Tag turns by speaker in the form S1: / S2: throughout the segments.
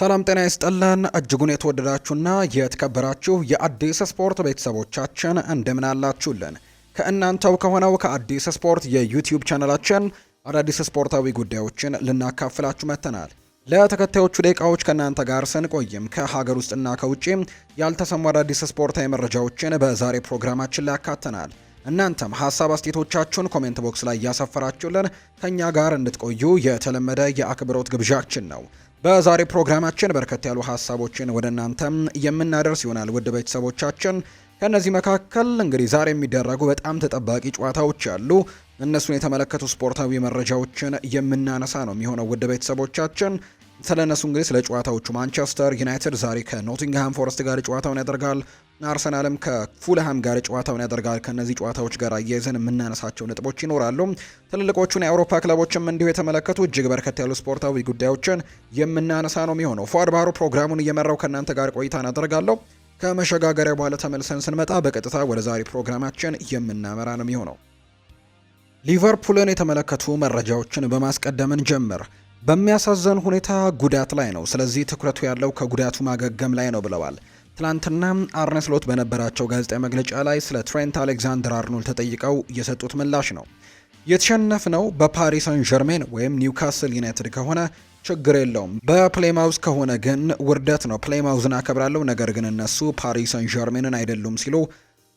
S1: ሰላም ጤና ይስጥልን እጅጉን የተወደዳችሁና የተከበራችሁ የአዲስ ስፖርት ቤተሰቦቻችን እንደምን አላችሁልን? ከእናንተው ከሆነው ከአዲስ ስፖርት የዩቲዩብ ቻናላችን አዳዲስ ስፖርታዊ ጉዳዮችን ልናካፍላችሁ መጥተናል። ለተከታዮቹ ደቂቃዎች ከእናንተ ጋር ስንቆይም ከሀገር ውስጥና ከውጭ ያልተሰሙ አዳዲስ ስፖርታዊ መረጃዎችን በዛሬ ፕሮግራማችን ላይ ያካተናል። እናንተም ሀሳብ አስቴቶቻችሁን ኮሜንት ቦክስ ላይ እያሰፈራችሁልን ከእኛ ጋር እንድትቆዩ የተለመደ የአክብሮት ግብዣችን ነው። በዛሬ ፕሮግራማችን በርከት ያሉ ሀሳቦችን ወደ እናንተም የምናደርስ ይሆናል ውድ ቤተሰቦቻችን። ከእነዚህ መካከል እንግዲህ ዛሬ የሚደረጉ በጣም ተጠባቂ ጨዋታዎች አሉ። እነሱን የተመለከቱ ስፖርታዊ መረጃዎችን የምናነሳ ነው የሚሆነው ውድ ቤተሰቦቻችን። ስለ እነሱ እንግዲህ ስለ ጨዋታዎቹ ማንቸስተር ዩናይትድ ዛሬ ከኖቲንግሃም ፎረስት ጋር ጨዋታውን ያደርጋል። አርሰናልም ከፉልሃም ጋር ጨዋታውን ያደርጋል። ከነዚህ ጨዋታዎች ጋር አያይዘን የምናነሳቸው ነጥቦች ይኖራሉ። ትልልቆቹን የአውሮፓ ክለቦችም እንዲሁ የተመለከቱ እጅግ በርከት ያሉ ስፖርታዊ ጉዳዮችን የምናነሳ ነው የሚሆነው። ፏድ ባህሩ ፕሮግራሙን እየመራው ከእናንተ ጋር ቆይታ አደርጋለሁ። ከመሸጋገሪያ በኋላ ተመልሰን ስንመጣ በቀጥታ ወደ ዛሬ ፕሮግራማችን የምናመራ ነው የሚሆነው። ሊቨርፑልን የተመለከቱ መረጃዎችን በማስቀደምን ጀምር በሚያሳዘን ሁኔታ ጉዳት ላይ ነው። ስለዚህ ትኩረቱ ያለው ከጉዳቱ ማገገም ላይ ነው ብለዋል ትላንትና አርነ ስሎት በነበራቸው ጋዜጣዊ መግለጫ ላይ ስለ ትሬንት አሌክዛንደር አርኖልድ ተጠይቀው የሰጡት ምላሽ ነው። የተሸነፍነው በፓሪስ ሰን ዠርሜን ወይም ኒውካስል ዩናይትድ ከሆነ ችግር የለውም፣ በፕሌማውዝ ከሆነ ግን ውርደት ነው። ፕሌማውዝን አከብራለሁ፣ ነገር ግን እነሱ ፓሪስ ሰን ዠርሜንን አይደሉም ሲሉ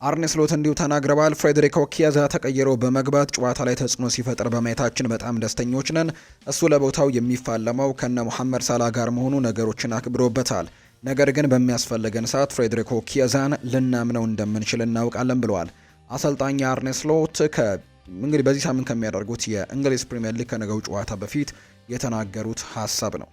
S1: አርኔ ስሎት እንዲሁ ተናግረዋል። ፍሬዴሪኮ ኪያዛ ተቀይሮ በመግባት ጨዋታ ላይ ተጽዕኖ ሲፈጥር በማየታችን በጣም ደስተኞች ነን። እሱ ለቦታው የሚፋለመው ከነ መሐመድ ሳላ ጋር መሆኑ ነገሮችን አክብሮበታል። ነገር ግን በሚያስፈልገን ሰዓት ፍሬድሪኮ ኪየዛን ልናምነው እንደምንችል እናውቃለን ብለዋል። አሰልጣኝ አርኔ ስሎት እንግዲህ በዚህ ሳምንት ከሚያደርጉት የእንግሊዝ ፕሪምየር ሊግ ከነገው ጨዋታ በፊት የተናገሩት ሀሳብ ነው።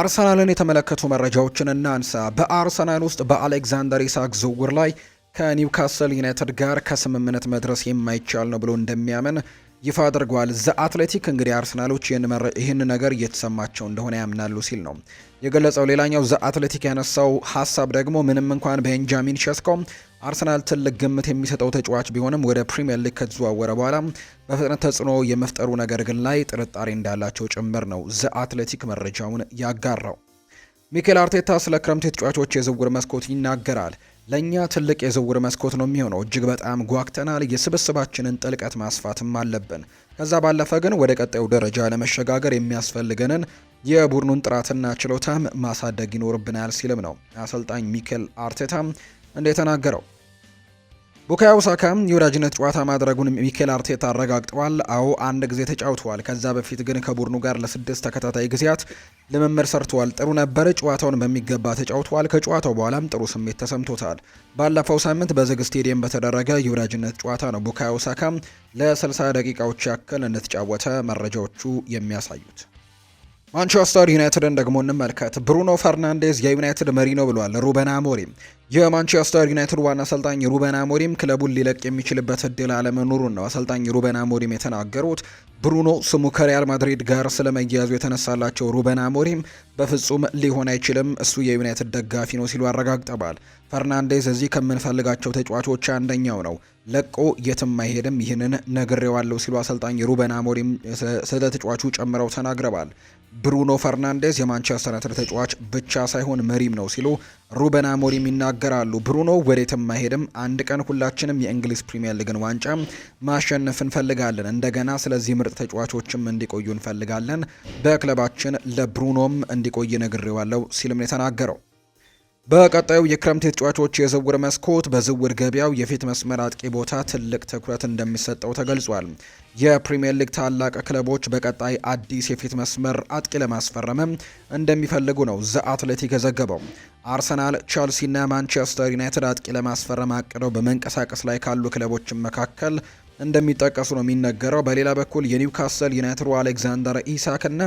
S1: አርሰናልን የተመለከቱ መረጃዎችን እናንሳ። በአርሰናል ውስጥ በአሌክዛንደር ኢሳክ ዝውውር ላይ ከኒውካስል ዩናይትድ ጋር ከስምምነት መድረስ የማይቻል ነው ብሎ እንደሚያምን ይፋ አድርጓል። ዘ አትሌቲክ እንግዲህ አርሰናሎች ይህን ነገር እየተሰማቸው እንደሆነ ያምናሉ ሲል ነው የገለጸው። ሌላኛው ዘ አትሌቲክ ያነሳው ሀሳብ ደግሞ ምንም እንኳን ቤንጃሚን ሸስኮ አርሰናል ትልቅ ግምት የሚሰጠው ተጫዋች ቢሆንም ወደ ፕሪምየር ሊግ ከተዘዋወረ በኋላ በፍጥነት ተጽዕኖ የመፍጠሩ ነገር ግን ላይ ጥርጣሬ እንዳላቸው ጭምር ነው ዘ አትሌቲክ መረጃውን ያጋራው። ሚኬል አርቴታ ስለ ክረምት የተጫዋቾች የዝውውር መስኮት ይናገራል። ለእኛ ትልቅ የዝውውር መስኮት ነው የሚሆነው። እጅግ በጣም ጓግተናል። የስብስባችንን ጥልቀት ማስፋትም አለብን። ከዛ ባለፈ ግን ወደ ቀጣዩ ደረጃ ለመሸጋገር የሚያስፈልገንን የቡድኑን ጥራትና ችሎታም ማሳደግ ይኖርብናል ሲልም ነው አሰልጣኝ ሚኬል አርቴታም እንደተናገረው። ቡካዮ ሳካም የወዳጅነት ጨዋታ ማድረጉን ሚኬል አርቴታ አረጋግጠዋል። አዎ አንድ ጊዜ ተጫውተዋል። ከዛ በፊት ግን ከቡድኑ ጋር ለስድስት ተከታታይ ጊዜያት ልምምድ ሰርተዋል። ጥሩ ነበረ። ጨዋታውን በሚገባ ተጫውተዋል። ከጨዋታው በኋላም ጥሩ ስሜት ተሰምቶታል። ባለፈው ሳምንት በዝግ ስቴዲየም በተደረገ የወዳጅነት ጨዋታ ነው ቡካዮ ሳካም ለ60 ደቂቃዎች ያክል እንደተጫወተ መረጃዎቹ የሚያሳዩት። ማንቸስተር ዩናይትድን ደግሞ እንመልከት። ብሩኖ ፈርናንዴዝ የዩናይትድ መሪ ነው ብሏል ሩበን አሞሪም። የማንቸስተር ዩናይትድ ዋና አሰልጣኝ ሩበን አሞሪም ክለቡን ሊለቅ የሚችልበት እድል አለመኖሩን ነው አሰልጣኝ ሩበን አሞሪም የተናገሩት። ብሩኖ ስሙ ከሪያል ማድሪድ ጋር ስለመያያዙ የተነሳላቸው ሩበን አሞሪም በፍጹም ሊሆን አይችልም፣ እሱ የዩናይትድ ደጋፊ ነው ሲሉ አረጋግጠዋል። ፈርናንዴዝ እዚህ ከምንፈልጋቸው ተጫዋቾች አንደኛው ነው፣ ለቆ የትም አይሄድም፣ ይህንን ነግሬዋለሁ ሲሉ አሰልጣኝ ሩበን አሞሪም ስለ ተጫዋቹ ጨምረው ተናግረዋል። ብሩኖ ፈርናንዴዝ የማንቸስተር ዩናይትድ ተጫዋች ብቻ ሳይሆን መሪም ነው ሲሉ ሩበን አሞሪም ይናገራሉ። ብሩኖ ወዴትም አይሄድም። አንድ ቀን ሁላችንም የእንግሊዝ ፕሪምየር ሊግን ዋንጫ ማሸነፍ እንፈልጋለን። እንደገና ስለዚህ ምርጥ ተጫዋቾችም እንዲቆዩ እንፈልጋለን። በክለባችን ለብሩኖም እንዲቆይ ነግሬዋለሁ ሲልም የተናገረው። በቀጣዩ የክረምት የተጫዋቾች የዝውውር መስኮት በዝውውር ገበያው የፊት መስመር አጥቂ ቦታ ትልቅ ትኩረት እንደሚሰጠው ተገልጿል። የፕሪምየር ሊግ ታላቅ ክለቦች በቀጣይ አዲስ የፊት መስመር አጥቂ ለማስፈረም እንደሚፈልጉ ነው ዘ አትሌቲክ የዘገበው። አርሰናል፣ ቸልሲ እና ማንቸስተር ዩናይትድ አጥቂ ለማስፈረም አቅደው በመንቀሳቀስ ላይ ካሉ ክለቦች መካከል እንደሚጠቀሱ ነው የሚነገረው። በሌላ በኩል የኒውካስል ዩናይትዱ አሌክዛንደር ኢሳክና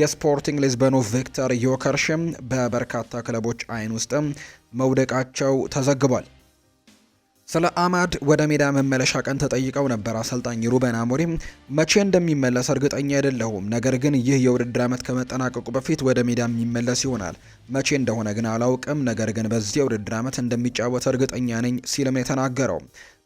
S1: የስፖርቲንግ ሊዝበኑ ቪክተር ዮከርሽም በበርካታ ክለቦች አይን ውስጥም መውደቃቸው ተዘግቧል። ስለ አማድ ወደ ሜዳ መመለሻ ቀን ተጠይቀው ነበር አሰልጣኝ ሩበን አሞሪም። መቼ እንደሚመለስ እርግጠኛ አይደለሁም፣ ነገር ግን ይህ የውድድር ዓመት ከመጠናቀቁ በፊት ወደ ሜዳ የሚመለስ ይሆናል። መቼ እንደሆነ ግን አላውቅም፣ ነገር ግን በዚህ የውድድር ዓመት እንደሚጫወት እርግጠኛ ነኝ ሲልም የተናገረው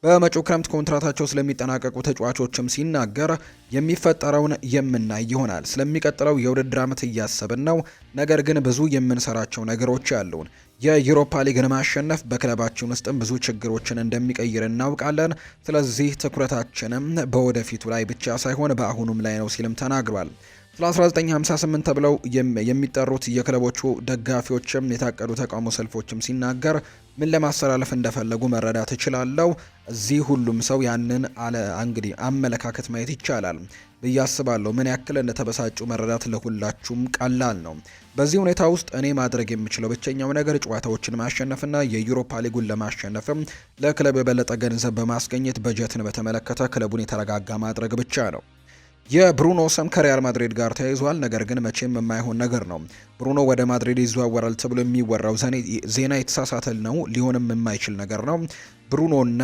S1: በመጪው ክረምት ኮንትራታቸው ስለሚጠናቀቁ ተጫዋቾችም ሲናገር የሚፈጠረውን የምናይ ይሆናል። ስለሚቀጥለው የውድድር ዓመት እያሰብን ነው፣ ነገር ግን ብዙ የምንሰራቸው ነገሮች አሉን። የዩሮፓ ሊግን ማሸነፍ በክለባችን ውስጥም ብዙ ችግሮችን እንደሚቀይር እናውቃለን። ስለዚህ ትኩረታችንም በወደፊቱ ላይ ብቻ ሳይሆን በአሁኑም ላይ ነው ሲልም ተናግሯል። ስለ 1958 ተብለው የሚጠሩት የክለቦቹ ደጋፊዎችም የታቀዱ ተቃውሞ ሰልፎችም ሲናገር ምን ለማስተላለፍ እንደፈለጉ መረዳት እችላለሁ። እዚህ ሁሉም ሰው ያንን አለ እንግዲህ አመለካከት ማየት ይቻላል ብዬ አስባለሁ። ምን ያክል እንደተበሳጩ መረዳት ለሁላችሁም ቀላል ነው። በዚህ ሁኔታ ውስጥ እኔ ማድረግ የምችለው ብቸኛው ነገር ጨዋታዎችን ማሸነፍና የዩሮፓ ሊጉን ለማሸነፍም ለክለብ የበለጠ ገንዘብ በማስገኘት በጀትን በተመለከተ ክለቡን የተረጋጋ ማድረግ ብቻ ነው። የብሩኖ ስም ከሪያል ማድሪድ ጋር ተያይዟል። ነገር ግን መቼም የማይሆን ነገር ነው። ብሩኖ ወደ ማድሪድ ይዘዋወራል ተብሎ የሚወራው ዜና የተሳሳተል ነው፣ ሊሆንም የማይችል ነገር ነው። ብሩኖና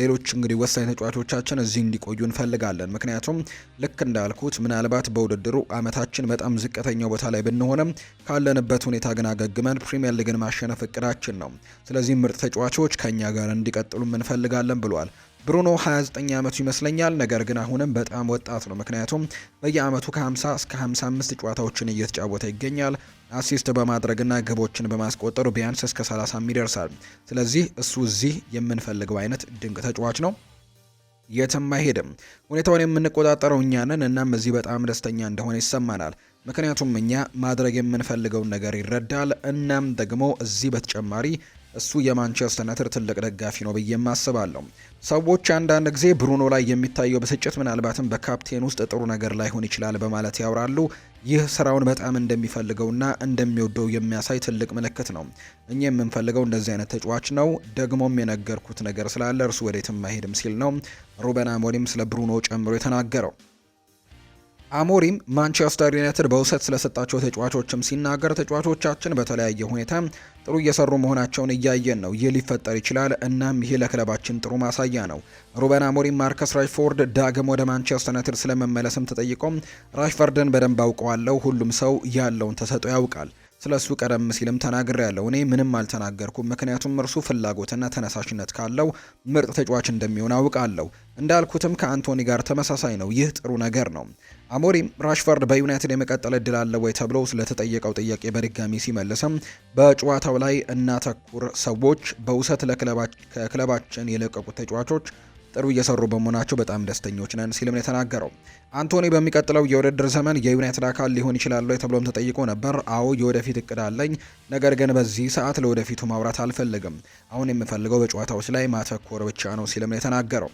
S1: ሌሎች እንግዲህ ወሳኝ ተጫዋቾቻችን እዚህ እንዲቆዩ እንፈልጋለን። ምክንያቱም ልክ እንዳልኩት ምናልባት በውድድሩ አመታችን በጣም ዝቅተኛው ቦታ ላይ ብንሆንም ካለንበት ሁኔታ ግን አገግመን ፕሪምየር ሊግን ማሸነፍ እቅዳችን ነው። ስለዚህ ምርጥ ተጫዋቾች ከእኛ ጋር እንዲቀጥሉ እንፈልጋለን ብሏል። ብሩኖ 29 ዓመቱ ይመስለኛል፣ ነገር ግን አሁንም በጣም ወጣት ነው። ምክንያቱም በየአመቱ ከ50 እስከ 55 ጨዋታዎችን እየተጫወተ ይገኛል። አሲስት በማድረግና ግቦችን በማስቆጠሩ ቢያንስ እስከ 30 ይደርሳል። ስለዚህ እሱ እዚህ የምንፈልገው አይነት ድንቅ ተጫዋች ነው። የትም አይሄድም። ሁኔታውን የምንቆጣጠረው እኛ ነን። እናም እዚህ በጣም ደስተኛ እንደሆነ ይሰማናል። ምክንያቱም እኛ ማድረግ የምንፈልገውን ነገር ይረዳል። እናም ደግሞ እዚህ በተጨማሪ እሱ የማንቸስተር ዩናይትድ ትልቅ ደጋፊ ነው ብዬ አስባለሁ። ሰዎች አንዳንድ ጊዜ ብሩኖ ላይ የሚታየው ብስጭት ምናልባትም በካፕቴን ውስጥ ጥሩ ነገር ላይሆን ይችላል በማለት ያወራሉ። ይህ ስራውን በጣም እንደሚፈልገውና እንደሚወደው የሚያሳይ ትልቅ ምልክት ነው። እኛ የምንፈልገው እንደዚህ አይነት ተጫዋች ነው፣ ደግሞም የነገርኩት ነገር ስላለ እርሱ ወዴትም አይሄድም ሲል ነው ሩበን አሞሪም ስለ ብሩኖ ጨምሮ የተናገረው። አሞሪም ማንቸስተር ዩናይትድ በውሰት ስለሰጣቸው ተጫዋቾችም ሲናገር ተጫዋቾቻችን በተለያየ ሁኔታ ጥሩ እየሰሩ መሆናቸውን እያየን ነው። ይህ ሊፈጠር ይችላል። እናም ይሄ ለክለባችን ጥሩ ማሳያ ነው። ሩበን አሞሪም ማርከስ ራሽፎርድ ዳግም ወደ ማንቸስተር ዩናይትድ ስለመመለስም ተጠይቆም ራሽፎርድን በደንብ አውቀዋለሁ። ሁሉም ሰው ያለውን ተሰጥኦ ያውቃል ስለ እሱ ቀደም ሲልም ተናግሬ ያለው እኔ ምንም አልተናገርኩም፣ ምክንያቱም እርሱ ፍላጎትና ተነሳሽነት ካለው ምርጥ ተጫዋች እንደሚሆን አውቃለሁ። እንዳልኩትም ከአንቶኒ ጋር ተመሳሳይ ነው። ይህ ጥሩ ነገር ነው። አሞሪም ራሽፈርድ በዩናይትድ የመቀጠል እድል አለ ወይ ተብሎ ስለተጠየቀው ጥያቄ በድጋሚ ሲመልስም በጨዋታው ላይ እናተኩር። ሰዎች በውሰት ከክለባችን የለቀቁት ተጫዋቾች ጥሩ እየሰሩ በመሆናቸው በጣም ደስተኞች ነን ሲልም የተናገረው አንቶኒ በሚቀጥለው የውድድር ዘመን የዩናይትድ አካል ሊሆን ይችላል ተብሎም ተጠይቆ ነበር። አዎ የወደፊት እቅድ አለኝ፣ ነገር ግን በዚህ ሰዓት ለወደፊቱ ማውራት አልፈልግም። አሁን የምፈልገው በጨዋታዎች ላይ ማተኮር ብቻ ነው ሲልም የተናገረው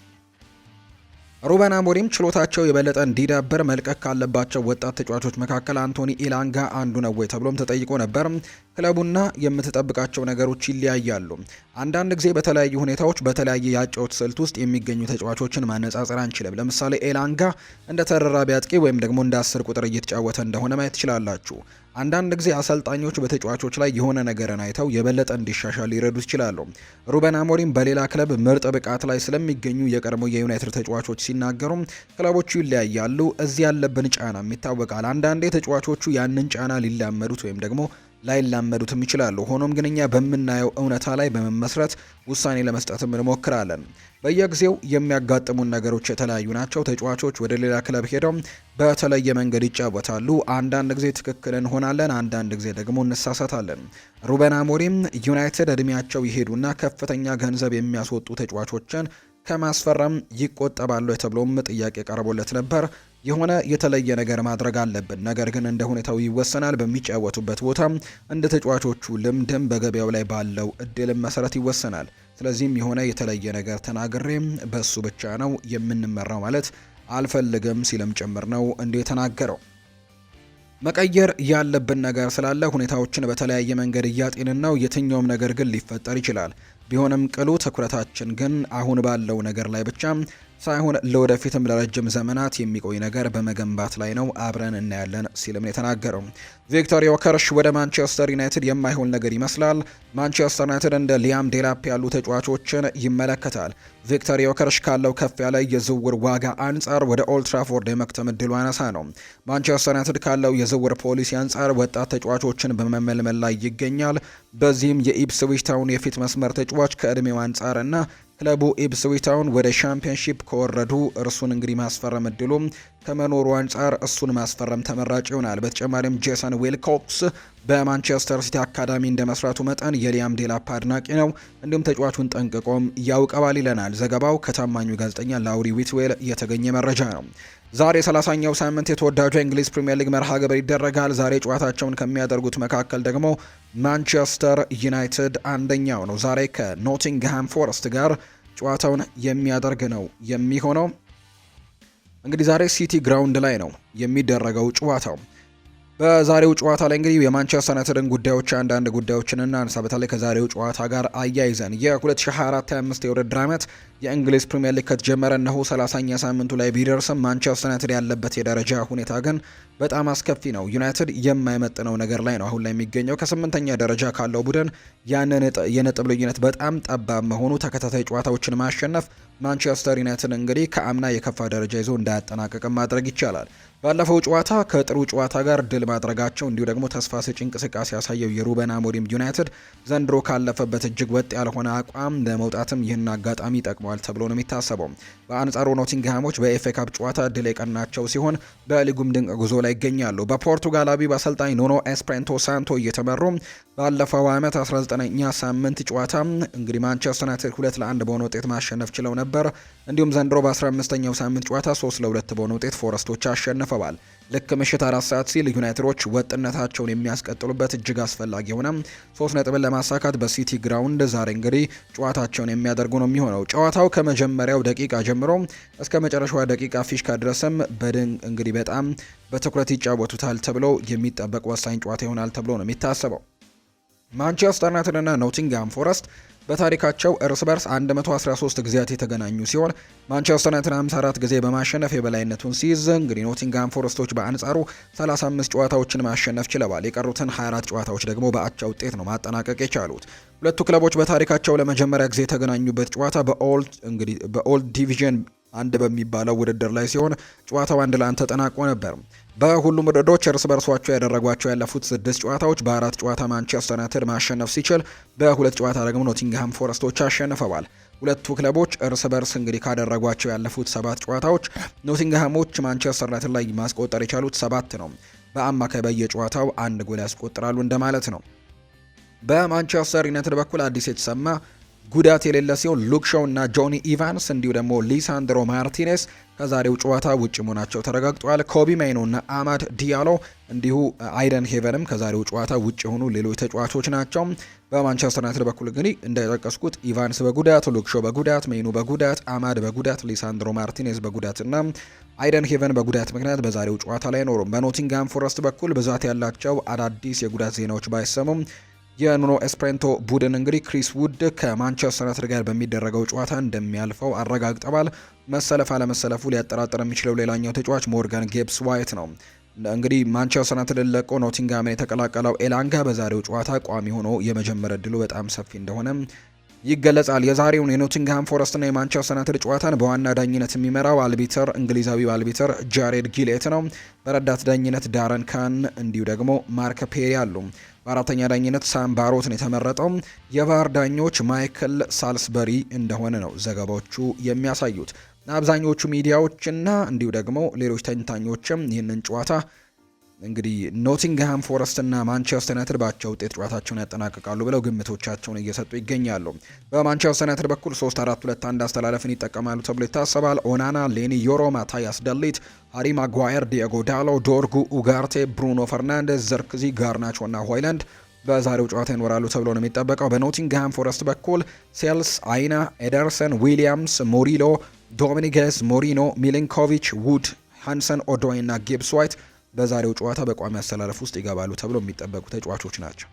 S1: ሩበን አሞሪም ችሎታቸው የበለጠ እንዲዳብር መልቀቅ ካለባቸው ወጣት ተጫዋቾች መካከል አንቶኒ ኢላንጋ አንዱ ነው ወይ ተብሎም ተጠይቆ ነበር። ክለቡና የምትጠብቃቸው ነገሮች ይለያያሉ። አንዳንድ ጊዜ በተለያዩ ሁኔታዎች በተለያየ የአጨዋወት ስልት ውስጥ የሚገኙ ተጫዋቾችን ማነጻጸር አንችልም። ለምሳሌ ኤላንጋ እንደ ተደራቢ አጥቂ ወይም ደግሞ እንደ አስር ቁጥር እየተጫወተ እንደሆነ ማየት ትችላላችሁ። አንዳንድ ጊዜ አሰልጣኞች በተጫዋቾች ላይ የሆነ ነገርን አይተው የበለጠ እንዲሻሻል ሊረዱ ይችላሉ። ሩበን አሞሪም በሌላ ክለብ ምርጥ ብቃት ላይ ስለሚገኙ የቀድሞ የዩናይትድ ተጫዋቾች ሲናገሩ ክለቦቹ ይለያያሉ። እዚህ ያለብን ጫናም ይታወቃል። አንዳንዴ ተጫዋቾቹ ያንን ጫና ሊላመዱት ወይም ደግሞ ላይላመዱትም ይችላሉ። ሆኖም ግን እኛ በምናየው እውነታ ላይ በመመስረት ውሳኔ ለመስጠትም እንሞክራለን። በየጊዜው የሚያጋጥሙን ነገሮች የተለያዩ ናቸው። ተጫዋቾች ወደ ሌላ ክለብ ሄደው በተለየ መንገድ ይጫወታሉ። አንዳንድ ጊዜ ትክክል እንሆናለን፣ አንዳንድ ጊዜ ደግሞ እንሳሳታለን። ሩበን አሞሪም ዩናይትድ እድሜያቸው ይሄዱና ከፍተኛ ገንዘብ የሚያስወጡ ተጫዋቾችን ከማስፈረም ይቆጠባሉ ተብሎም ጥያቄ ቀርቦለት ነበር። የሆነ የተለየ ነገር ማድረግ አለብን። ነገር ግን እንደ ሁኔታው ይወሰናል። በሚጫወቱበት ቦታ እንደ ተጫዋቾቹ ልምድም በገበያው ላይ ባለው እድልም መሰረት ይወሰናል። ስለዚህም የሆነ የተለየ ነገር ተናግሬም በሱ ብቻ ነው የምንመራው ማለት አልፈልግም ሲልም ጭምር ነው እንደ የተናገረው። መቀየር ያለብን ነገር ስላለ ሁኔታዎችን በተለያየ መንገድ እያጤንን ነው። የትኛውም ነገር ግን ሊፈጠር ይችላል። ቢሆንም ቅሉ ትኩረታችን ግን አሁን ባለው ነገር ላይ ብቻ ሳይሆን ለወደፊትም ለረጅም ዘመናት የሚቆይ ነገር በመገንባት ላይ ነው፣ አብረን እናያለን ሲልም የተናገረው ቪክቶር ዮከርሽ ወደ ማንቸስተር ዩናይትድ የማይሆን ነገር ይመስላል። ማንቸስተር ዩናይትድ እንደ ሊያም ዴላፕ ያሉ ተጫዋቾችን ይመለከታል። ቪክተር ዮከርሽ ካለው ከፍ ያለ የዝውውር ዋጋ አንጻር ወደ ኦልትራፎርድ የመክተም እድሉ አነሳ ነው። ማንቸስተር ዩናይትድ ካለው የዝውውር ፖሊሲ አንጻር ወጣት ተጫዋቾችን በመመልመል ላይ ይገኛል። በዚህም የኢፕስዊች ታውን የፊት መስመር ተጫዋች ከእድሜው አንጻርና ክለቡ ኢፕስዊች ታውን ወደ ሻምፒዮንሺፕ ከወረዱ እርሱን እንግዲህ ማስፈረም እድሉ ከመኖሩ አንጻር እሱን ማስፈረም ተመራጭ ይሆናል። በተጨማሪም ጄሰን ዊልኮክስ በማንቸስተር ሲቲ አካዳሚ እንደ መስራቱ መጠን የሊያም ዴላፕ አድናቂ ነው፣ እንዲሁም ተጫዋቹን ጠንቅቆም ያውቀባል ይለናል ዘገባው። ከታማኙ ጋዜጠኛ ላውሪ ዊትዌል የተገኘ መረጃ ነው። ዛሬ 30ኛው ሳምንት የተወዳጁ የእንግሊዝ ፕሪምየር ሊግ መርሃ ግብር ይደረጋል። ዛሬ ጨዋታቸውን ከሚያደርጉት መካከል ደግሞ ማንቸስተር ዩናይትድ አንደኛው ነው። ዛሬ ከኖቲንግሃም ፎረስት ጋር ጨዋታውን የሚያደርግ ነው የሚሆነው እንግዲህ ዛሬ ሲቲ ግራውንድ ላይ ነው የሚደረገው ጨዋታው። በዛሬው ጨዋታ ላይ እንግዲህ የማንቸስተር ዩናይትድን ጉዳዮች አንዳንድ ጉዳዮችን እናንሳ። በተለይ ከዛሬው ጨዋታ ጋር አያይዘን የ2024/25 የውድድር ዓመት የእንግሊዝ ፕሪምየር ሊግ ከተጀመረ እነሆ 30ኛ ሳምንቱ ላይ ቢደርስም ማንቸስተር ዩናይትድ ያለበት የደረጃ ሁኔታ ግን በጣም አስከፊ ነው። ዩናይትድ የማይመጥነው ነገር ላይ ነው አሁን ላይ የሚገኘው ከስምንተኛ ደረጃ ካለው ቡድን ያንን የነጥብ ልዩነት በጣም ጠባብ መሆኑ ተከታታይ ጨዋታዎችን ማሸነፍ ማንቸስተር ዩናይትድ እንግዲህ ከአምና የከፋ ደረጃ ይዞ እንዳያጠናቀቅም ማድረግ ይቻላል። ባለፈው ጨዋታ ከጥሩ ጨዋታ ጋር ድል ማድረጋቸው እንዲሁ ደግሞ ተስፋ ሰጪ እንቅስቃሴ ያሳየው የሩበን አሞሪም ዩናይትድ ዘንድሮ ካለፈበት እጅግ ወጥ ያልሆነ አቋም ለመውጣትም ይህን አጋጣሚ ይጠቅመዋል ተብሎ ነው የሚታሰበው። በአንጻሩ ኖቲንግሃሞች በኤፍኤ ካፕ ጨዋታ ድል የቀናቸው ሲሆን በሊጉም ድንቅ ጉዞ ላይ ይገኛሉ። በፖርቱጋላዊ በአሰልጣኝ ኑኖ ኤስፕሬንቶ ሳንቶ እየተመሩ ባለፈው ዓመት 19ኛ ሳምንት ጨዋታ እንግዲህ ማንቸስተር ዩናይትድ ሁለት ለአንድ በሆነ ውጤት ማሸነፍ ችለው ነበር። እንዲሁም ዘንድሮ በ15ኛው ሳምንት ጨዋታ ሶስት ለሁለት በሆነ ውጤት ፎረስቶች አሸንፈ አልፈዋል። ልክ ምሽት አራት ሰዓት ሲል ዩናይትዶች ወጥነታቸውን የሚያስቀጥሉበት እጅግ አስፈላጊ የሆነ ሶስት ነጥብን ለማሳካት በሲቲ ግራውንድ ዛሬ እንግዲህ ጨዋታቸውን የሚያደርጉ ነው የሚሆነው። ጨዋታው ከመጀመሪያው ደቂቃ ጀምሮ እስከ መጨረሻዋ ደቂቃ ፊሽካ ድረስም በድን እንግዲህ በጣም በትኩረት ይጫወቱታል ተብሎ የሚጠበቅ ወሳኝ ጨዋታ ይሆናል ተብሎ ነው የሚታሰበው። ማንቸስተር ዩናይትድ እና ኖቲንግሃም ፎረስት በታሪካቸው እርስ በርስ 113 ጊዜያት የተገናኙ ሲሆን ማንቸስተር ዩናይትድ 54 ጊዜ በማሸነፍ የበላይነቱን ሲይዝ፣ እንግዲህ ኖቲንግሃም ፎረስቶች በአንጻሩ 35 ጨዋታዎችን ማሸነፍ ችለዋል። የቀሩትን 24 ጨዋታዎች ደግሞ በአቻ ውጤት ነው ማጠናቀቅ የቻሉት። ሁለቱ ክለቦች በታሪካቸው ለመጀመሪያ ጊዜ የተገናኙበት ጨዋታ በኦልድ እንግዲህ በኦልድ ዲቪዥን አንድ በሚባለው ውድድር ላይ ሲሆን ጨዋታው አንድ ለአንድ ተጠናቆ ነበር። በሁሉም ውድድሮች እርስ በርሷቸው ያደረጓቸው ያለፉት ስድስት ጨዋታዎች በአራት ጨዋታ ማንቸስተር ዩናይትድ ማሸነፍ ሲችል በሁለት ጨዋታ ደግሞ ኖቲንግሃም ፎረስቶች አሸንፈዋል። ሁለቱ ክለቦች እርስ በርስ እንግዲህ ካደረጓቸው ያለፉት ሰባት ጨዋታዎች ኖቲንግሃሞች ማንቸስተር ዩናይትድ ላይ ማስቆጠር የቻሉት ሰባት ነው። በአማካይ በየጨዋታው አንድ ጎል ያስቆጥራሉ እንደማለት ነው። በማንቸስተር ዩናይትድ በኩል አዲስ የተሰማ ጉዳት የሌለ ሲሆን ሉክ ሾው እና ጆኒ ኢቫንስ እንዲሁ ደግሞ ሊሳንድሮ ማርቲኔስ ከዛሬው ጨዋታ ውጭ መሆናቸው ተረጋግጧል። ኮቢ ማይኖና አማድ ዲያሎ እንዲሁ አይደን ሄቨንም ከዛሬው ጨዋታ ውጭ የሆኑ ሌሎች ተጫዋቾች ናቸው። በማንቸስተር ዩናይትድ በኩል ግን እንደጠቀስኩት ኢቫንስ በጉዳት፣ ሉክሾ በጉዳት፣ ሜኑ በጉዳት፣ አማድ በጉዳት፣ ሊሳንድሮ ማርቲኔዝ በጉዳትና አይደን ሄቨን በጉዳት ምክንያት በዛሬው ጨዋታ ላይ አይኖሩም። በኖቲንግሃም ፎረስት በኩል ብዛት ያላቸው አዳዲስ የጉዳት ዜናዎች ባይሰሙም የኑኖ ኤስፕሬንቶ ቡድን እንግዲህ ክሪስ ውድ ከማንቸስተር ዩናይትድ ጋር በሚደረገው ጨዋታ እንደሚያልፈው አረጋግጠዋል። መሰለፍ አለመሰለፉ ሊያጠራጥር የሚችለው ሌላኛው ተጫዋች ሞርጋን ጌብስ ዋይት ነው። እንግዲህ ማንቸስተር ዩናይትድ ለቆ ኖቲንግሃምን የተቀላቀለው ኤላንጋ በዛሬው ጨዋታ ቋሚ ሆኖ የመጀመር እድሉ በጣም ሰፊ እንደሆነ ይገለጻል። የዛሬውን የኖቲንግሃም ፎረስትና የማንቸስተር ዩናይትድ ጨዋታን በዋና ዳኝነት የሚመራው አልቢተር እንግሊዛዊው አልቢተር ጃሬድ ጊሌት ነው። በረዳት ዳኝነት ዳረን ካን እንዲሁ ደግሞ ማርክ ፔሪ አሉ። በአራተኛ ዳኝነት ሳም ባሮት ነው የተመረጠው። የቫር ዳኞች ማይክል ሳልስበሪ እንደሆነ ነው ዘገባዎቹ የሚያሳዩት። አብዛኞቹ ሚዲያዎችና እንዲሁ ደግሞ ሌሎች ተንታኞችም ይህንን ጨዋታ እንግዲህ ኖቲንግሃም ፎረስት እና ማንቸስተር ዩናይትድ ባቸው ውጤት ጨዋታቸውን ያጠናቅቃሉ ብለው ግምቶቻቸውን እየሰጡ ይገኛሉ። በማንቸስተር ዩናይትድ በኩል 3 4 2 1 አስተላለፍን ይጠቀማሉ ተብሎ ይታሰባል። ኦናና፣ ሌኒ ዮሮ፣ ማታያስ ደሊት፣ ሃሪ ማጓየር፣ ዲየጎ ዳሎ፣ ዶርጉ፣ ኡጋርቴ፣ ብሩኖ ፈርናንደስ፣ ዘርክዚ፣ ጋርናቾ እና ሆይላንድ በዛሬው ጨዋታ ይኖራሉ ተብሎ ነው የሚጠበቀው። በኖቲንግሃም ፎረስት በኩል ሴልስ፣ አይና፣ ኤደርሰን፣ ዊሊያምስ፣ ሞሪሎ፣ ዶሚኒጌዝ፣ ሞሪኖ፣ ሚሊንኮቪች፣ ውድ፣ ሃንሰን፣ ኦዶይ እና ጊብስ ዋይት በዛሬው ጨዋታ በቋሚ አሰላለፍ ውስጥ ይገባሉ ተብሎ የሚጠበቁ ተጫዋቾች ናቸው።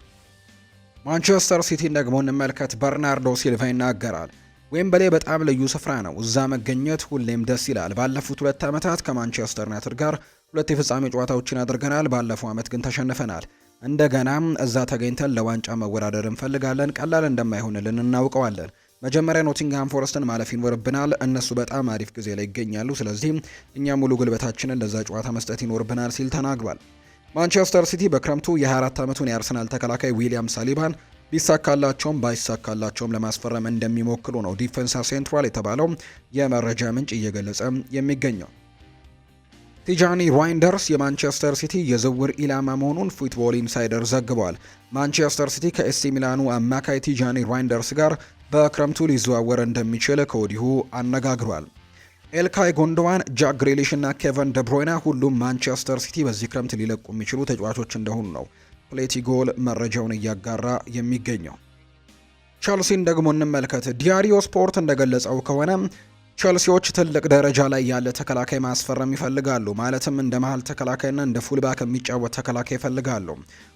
S1: ማንቸስተር ሲቲን ደግሞ እንመልከት። በርናርዶ ሲልቫ ይናገራል። ዌምበሌ በጣም ልዩ ስፍራ ነው። እዛ መገኘት ሁሌም ደስ ይላል። ባለፉት ሁለት ዓመታት ከማንቸስተር ዩናይትድ ጋር ሁለት የፍጻሜ ጨዋታዎችን አድርገናል። ባለፈው ዓመት ግን ተሸንፈናል። እንደገናም እዛ ተገኝተን ለዋንጫ መወዳደር እንፈልጋለን። ቀላል እንደማይሆንልን እናውቀዋለን። መጀመሪያ ኖቲንግሃም ፎረስትን ማለፍ ይኖርብናል። እነሱ በጣም አሪፍ ጊዜ ላይ ይገኛሉ። ስለዚህ እኛ ሙሉ ጉልበታችንን ለዛ ጨዋታ መስጠት ይኖርብናል ሲል ተናግሯል። ማንቸስተር ሲቲ በክረምቱ የ24 ዓመቱን የአርሰናል ተከላካይ ዊሊያም ሳሊባን ቢሳካላቸውም ባይሳካላቸውም ለማስፈረም እንደሚሞክሩ ነው ዲፌንሳ ሴንትራል የተባለው የመረጃ ምንጭ እየገለጸ የሚገኘው። ቲጃኒ ራይንደርስ የማንቸስተር ሲቲ የዝውውር ኢላማ መሆኑን ፉትቦል ኢንሳይደር ዘግቧል። ማንቸስተር ሲቲ ከኤሲ ሚላኑ አማካይ ቲጃኒ ራይንደርስ ጋር በክረምቱ ሊዘዋወር እንደሚችል ከወዲሁ አነጋግሯል። ኤልካይ ጎንዶዋን፣ ጃክ ግሬሊሽ እና ኬቨን ደብሮይና ሁሉም ማንቸስተር ሲቲ በዚህ ክረምት ሊለቁ የሚችሉ ተጫዋቾች እንደሆኑ ነው ፕሌቲ ጎል መረጃውን እያጋራ የሚገኘው። ቸልሲን ደግሞ እንመልከት። ዲያሪዮ ስፖርት እንደገለጸው ከሆነ ቸልሲዎች ትልቅ ደረጃ ላይ ያለ ተከላካይ ማስፈረም ይፈልጋሉ። ማለትም እንደ መሀል ተከላካይና እንደ ፉልባክ የሚጫወት ተከላካይ ይፈልጋሉ።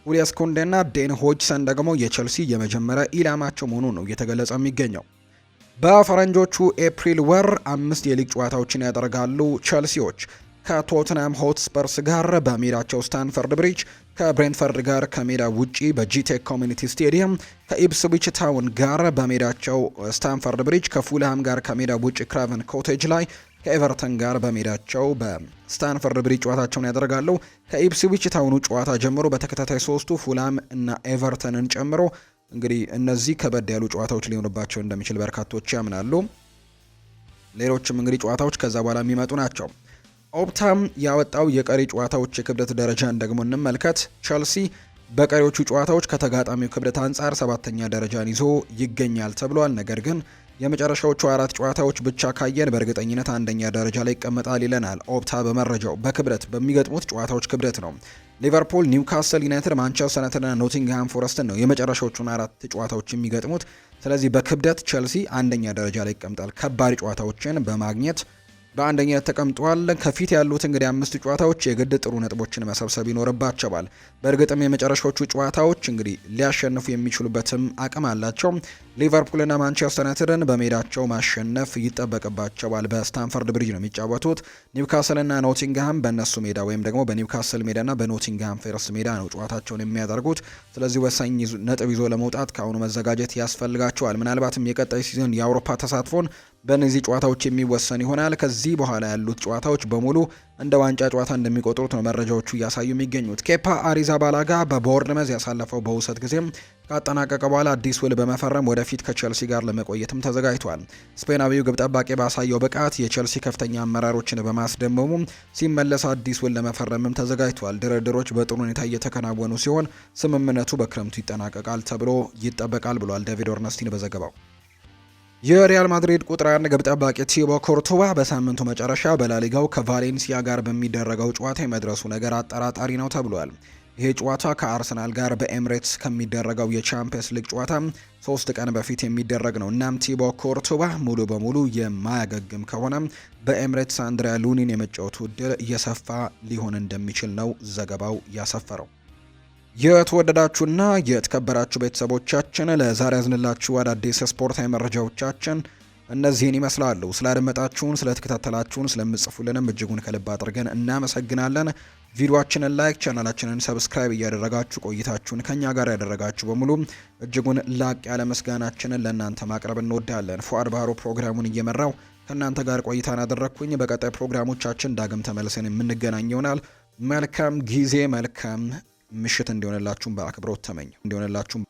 S1: ኡሊያስ ኩንዴና ዴን ሆጅሰን ደግሞ የቸልሲ የመጀመሪያ ኢላማቸው መሆኑ ነው እየተገለጸ የሚገኘው። በፈረንጆቹ ኤፕሪል ወር አምስት የሊግ ጨዋታዎችን ያደርጋሉ ቸልሲዎች ከቶትናም ሆትስፐርስ ጋር በሜዳቸው ስታንፈርድ ብሪጅ ከብሬንፈርድ ጋር ከሜዳ ውጪ በጂቴክ ኮሚኒቲ ስቴዲየም ከኢፕስዊች ታውን ጋር በሜዳቸው ስታንፈርድ ብሪጅ፣ ከፉልሃም ጋር ከሜዳ ውጪ ክራቨን ኮቴጅ ላይ ከኤቨርተን ጋር በሜዳቸው በስታንፈርድ ብሪጅ ጨዋታቸውን ያደርጋሉ። ከኢፕስዊች ታውኑ ጨዋታ ጀምሮ በተከታታይ ሶስቱ ፉልሃም እና ኤቨርተንን ጨምሮ እንግዲህ እነዚህ ከበድ ያሉ ጨዋታዎች ሊሆኑባቸው እንደሚችል በርካቶች ያምናሉ። ሌሎችም እንግዲህ ጨዋታዎች ከዛ በኋላ የሚመጡ ናቸው። ኦፕታም ያወጣው የቀሪ ጨዋታዎች የክብደት ደረጃን ደግሞ እንመልከት። ቸልሲ በቀሪዎቹ ጨዋታዎች ከተጋጣሚው ክብደት አንጻር ሰባተኛ ደረጃን ይዞ ይገኛል ተብሏል። ነገር ግን የመጨረሻዎቹ አራት ጨዋታዎች ብቻ ካየን በእርግጠኝነት አንደኛ ደረጃ ላይ ይቀመጣል ይለናል ኦፕታ በመረጃው። በክብደት በሚገጥሙት ጨዋታዎች ክብደት ነው። ሊቨርፑል፣ ኒውካስል ዩናይትድ፣ ማንቸስተር እና ኖቲንግሃም ፎረስትን ነው የመጨረሻዎቹን አራት ጨዋታዎች የሚገጥሙት። ስለዚህ በክብደት ቸልሲ አንደኛ ደረጃ ላይ ይቀምጣል ከባድ ጨዋታዎችን በማግኘት በአንደኛነት ተቀምጧል። ከፊት ያሉት እንግዲህ አምስት ጨዋታዎች የግድ ጥሩ ነጥቦችን መሰብሰብ ይኖርባቸዋል። በእርግጥም የመጨረሻዎቹ ጨዋታዎች እንግዲህ ሊያሸንፉ የሚችሉበትም አቅም አላቸው። ሊቨርፑልና ማንቸስተር ዩናይትድን በሜዳቸው ማሸነፍ ይጠበቅባቸዋል። በስታንፈርድ ብሪጅ ነው የሚጫወቱት። ኒውካስልና ኖቲንግሃም በእነሱ ሜዳ ወይም ደግሞ በኒውካስል ሜዳና በኖቲንግሃም ፌርስ ሜዳ ነው ጨዋታቸውን የሚያደርጉት። ስለዚህ ወሳኝ ነጥብ ይዞ ለመውጣት ከአሁኑ መዘጋጀት ያስፈልጋቸዋል። ምናልባትም የቀጣይ ሲዝን የአውሮፓ ተሳትፎን በእነዚህ ጨዋታዎች የሚወሰን ይሆናል። ከዚህ በኋላ ያሉት ጨዋታዎች በሙሉ እንደ ዋንጫ ጨዋታ እንደሚቆጥሩት ነው መረጃዎቹ እያሳዩ የሚገኙት። ኬፓ አሪዛባላጋ በቦርንመዝ ያሳለፈው በውሰት ጊዜም ካጠናቀቀ በኋላ አዲስ ውል በመፈረም ወደፊት ከቸልሲ ጋር ለመቆየትም ተዘጋጅቷል። ስፔናዊው ግብ ጠባቂ ባሳየው ብቃት የቸልሲ ከፍተኛ አመራሮችን በማስደመሙ ሲመለስ አዲስ ውል ለመፈረምም ተዘጋጅቷል። ድርድሮች በጥሩ ሁኔታ እየተከናወኑ ሲሆን ስምምነቱ በክረምቱ ይጠናቀቃል ተብሎ ይጠበቃል ብሏል ዴቪድ ኦርነስቲን በዘገባው። የሪያል ማድሪድ ቁጥር አንድ ግብ ጠባቂ ቲቦ ኮርቱባ በሳምንቱ መጨረሻ በላሊጋው ከቫሌንሲያ ጋር በሚደረገው ጨዋታ የመድረሱ ነገር አጠራጣሪ ነው ተብሏል። ይሄ ጨዋታ ከአርሰናል ጋር በኤምሬትስ ከሚደረገው የቻምፒየንስ ሊግ ጨዋታ ሶስት ቀን በፊት የሚደረግ ነው። እናም ቲቦ ኮርቱባ ሙሉ በሙሉ የማያገግም ከሆነ በኤምሬትስ አንድሪያ ሉኒን የመጫወቱ እድል እየሰፋ ሊሆን እንደሚችል ነው ዘገባው ያሰፈረው። የተወደዳችሁና የተከበራችሁ ቤተሰቦቻችን ለዛሬ ያዝንላችሁ አዳዲስ ስፖርታዊ መረጃዎቻችን እነዚህን ይመስላሉ። ስላደመጣችሁን፣ ስለተከታተላችሁን፣ ስለምጽፉልንም እጅጉን ከልብ አድርገን እናመሰግናለን። ቪዲዮአችንን ላይክ ቻናላችንን ሰብስክራይብ እያደረጋችሁ ቆይታችሁን ከኛ ጋር ያደረጋችሁ በሙሉ እጅጉን ላቅ ያለ ምስጋናችንን ለእናንተ ማቅረብ እንወዳለን። ፉአድ ባህሩ ፕሮግራሙን እየመራው ከእናንተ ጋር ቆይታን አደረግኩኝ። በቀጣይ ፕሮግራሞቻችን ዳግም ተመልሰን የምንገናኝ ይሆናል። መልካም ጊዜ፣ መልካም ምሽት እንዲሆንላችሁም በአክብሮት ተመኘ እንዲሆንላችሁም